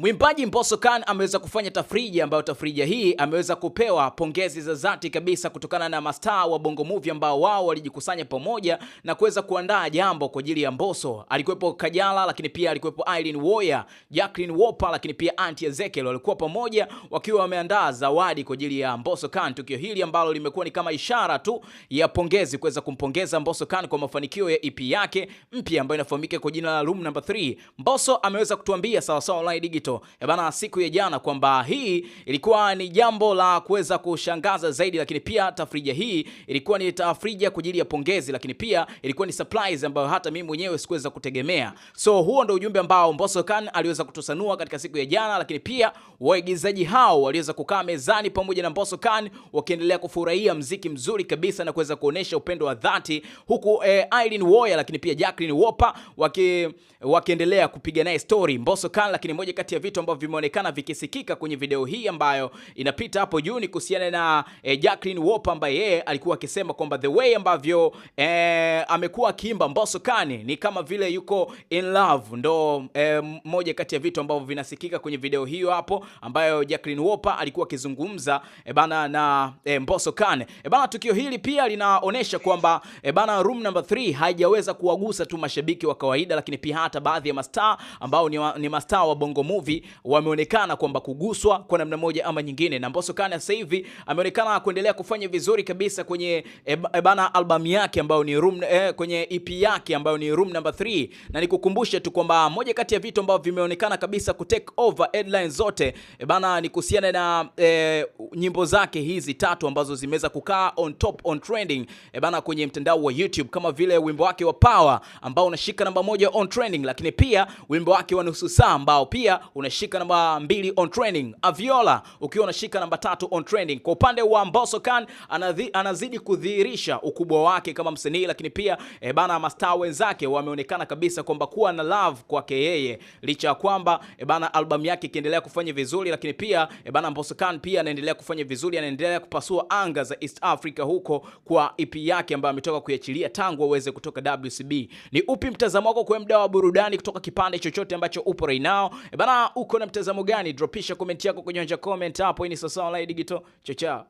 Mwimbaji Mbosso Khan ameweza kufanya tafrija ambayo tafrija hii ameweza kupewa pongezi za dhati kabisa kutokana na mastaa wa Bongo Movie ambao wao walijikusanya pamoja na kuweza kuandaa jambo kwa ajili ya Mbosso. Alikuwepo Kajala, lakini pia alikuwepo Irene Woya, Jacqueline Wopa, lakini pia Auntie Ezekiel walikuwa pamoja wakiwa wameandaa zawadi kwa ajili ya Mbosso Khan. Tukio hili ambalo limekuwa ni kama ishara tu ya pongezi kuweza kumpongeza Mbosso Khan kwa mafanikio ya EP yake mpya ambayo inafahamika kwa jina la Room Number 3. Mbosso ameweza kutuambia sawa online digital Zito eh, bana siku ya jana, kwamba hii ilikuwa ni jambo la kuweza kushangaza zaidi, lakini pia tafrija hii ilikuwa ni tafrija kwa ajili ya pongezi, lakini pia ilikuwa ni surprise ambayo hata mimi mwenyewe sikuweza kutegemea. So huo ndio ujumbe ambao Mbosso Khan aliweza kutusanua katika siku ya jana, lakini pia waigizaji hao waliweza kukaa mezani pamoja na Mbosso Khan wakiendelea kufurahia mziki mzuri kabisa na kuweza kuonesha upendo wa dhati huku eh, Irene Uwoya lakini pia Jacqueline Wolper waki, wakiendelea kupiga naye story Mbosso Khan, lakini moja kati kati ya vitu ambavyo vimeonekana vikisikika kwenye video hii ambayo inapita hapo juu ni kuhusiana na e, Jacqueline Wolper ambaye yeye alikuwa akisema kwamba the way ambavyo e, amekuwa akiimba Mbosso Kani ni kama vile yuko in love, ndo e, moja kati ya vitu ambavyo vinasikika kwenye video hiyo hapo ambayo Jacqueline Wolper alikuwa akizungumza e, bana na e, Mbosso Kani e, bana. Tukio hili pia linaonesha kwamba e, bana room number 3 haijaweza kuwagusa tu mashabiki wa kawaida, lakini pia hata baadhi ya mastaa ambao ni, wa, ni mastaa wa Bongo Movie movie wameonekana kwamba kuguswa kwa namna moja ama nyingine, na Mbosso Khan sasa hivi ameonekana kuendelea kufanya vizuri kabisa kwenye e, bana albamu yake ambayo ni room eh, e, kwenye EP yake ambayo ni room number 3, na nikukumbushe tu kwamba moja kati ya vitu ambavyo vimeonekana kabisa ku take over headlines zote e, bana ni kuhusiana na e, nyimbo zake hizi tatu ambazo zimeweza kukaa on top on trending e, bana kwenye mtandao wa YouTube kama vile wimbo wake wa Power ambao unashika namba moja on trending, lakini pia wimbo wake wa nusu saa ambao pia unashika namba mbili on training. Aviola ukiwa unashika namba tatu on training. Kwa upande wa Mbosso Khan anazidi kudhihirisha ukubwa wake kama msanii, lakini pia e, bana mastaa wenzake wameonekana kabisa kwamba kuwa na love kwake yeye, licha ya kwamba e, bana albamu yake ikiendelea kufanya vizuri, lakini pia e, bana Mbosso Khan pia anaendelea kufanya vizuri, anaendelea kupasua anga za East Africa huko kwa EP yake ambayo ametoka kuiachilia tangu aweze kutoka WCB. Ni upi mtazamo wako kwa mda wa burudani kutoka kipande chochote ambacho upo right now? E, bana uko na mtazamo gani? Dropisha komenti yako kwenye anja comment hapo. Hii ni Sawasawa Online Digital, chao chao.